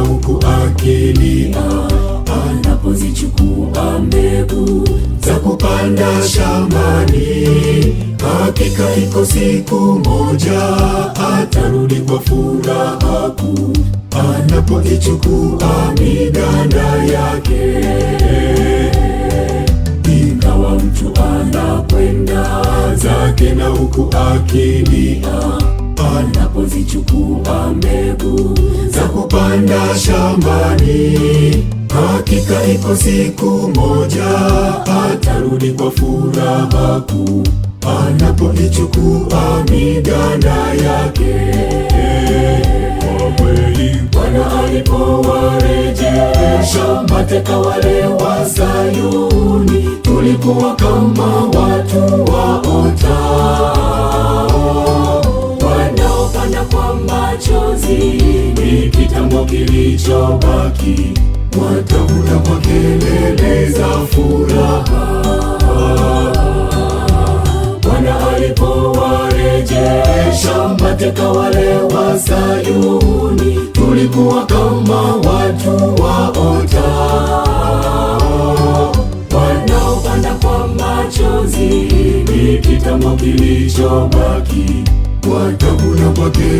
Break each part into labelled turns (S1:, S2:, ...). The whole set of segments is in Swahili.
S1: huku akilia, anapozichukua mbegu za kupanda shambani. Hakika iko siku moja atarudi kwa furaha kuu, anapoichukua miganda yake. Ingawa mtu anakwenda zake na huku akilia, anapozichukua mbegu kupanda shambani, hakika iko siku moja atarudi kwa furaha kuu, anapoichukua miganda yake.
S2: Kwa kweli
S1: Bwana alipowarejesha mateka wale wa Sayuni, tulikuwa kama watu wengi watakuja kwa kelele za furaha Bwana alipowarejesha mateka wale wa Sayuni, tulikuwa kama watu waota wanaopanda kwa machozi ni kitamo kilichobaki watakula kwake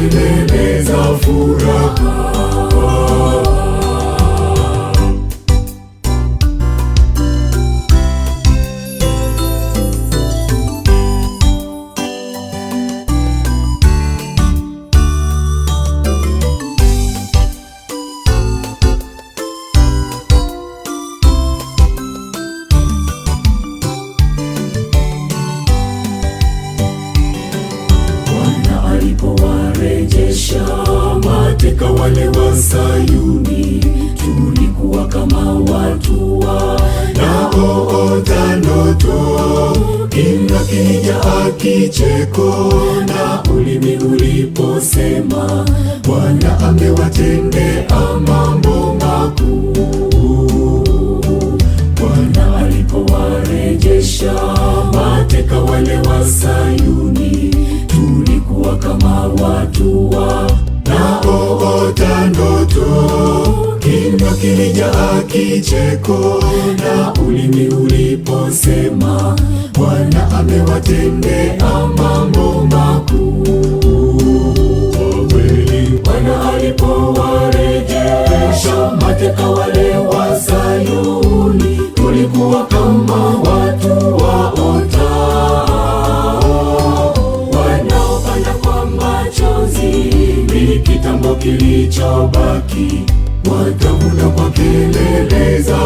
S1: akija akicheko na ulimi uliposema, Bwana amewatendea mambo makuu. Bwana alipowarejesha mateka wale wa Sayuni, tulikuwa kama watu naoota ndoto, kinywa kilija akicheko na ulimi amewatendea mambo makuu Bwana alipowarejesha mateka wale wa Sayuni, tulikuwa kama watu wa ota wanaopanda kwa machozi, ni kitambo kilichobaki, watavuna kwa kelele za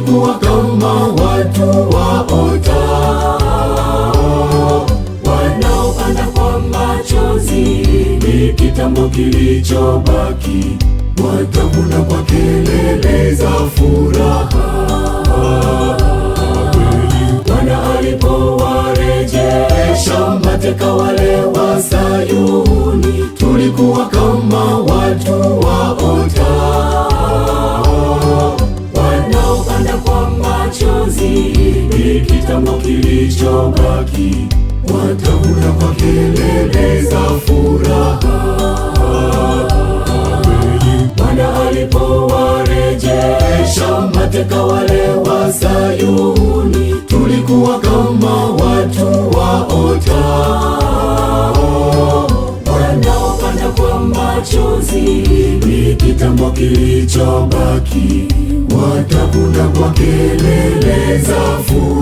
S1: kuwa kama watu waotao wanaoana kwa machozi, ni kitambo kilichobaki, watavuna kwa kelele za furaha. Bwana alipowarejesha mateka wale wa Sayuni, tulikuwa kama watu kilichobaki watavuna kwa kelele za furaha. Bwana alipowarejesha mateka wale wa Sayuni, tulikuwa kama watu waotao wanaopanda kwa machozi. Ni kitambo kilichobaki watavuna kwa kelele za furaha.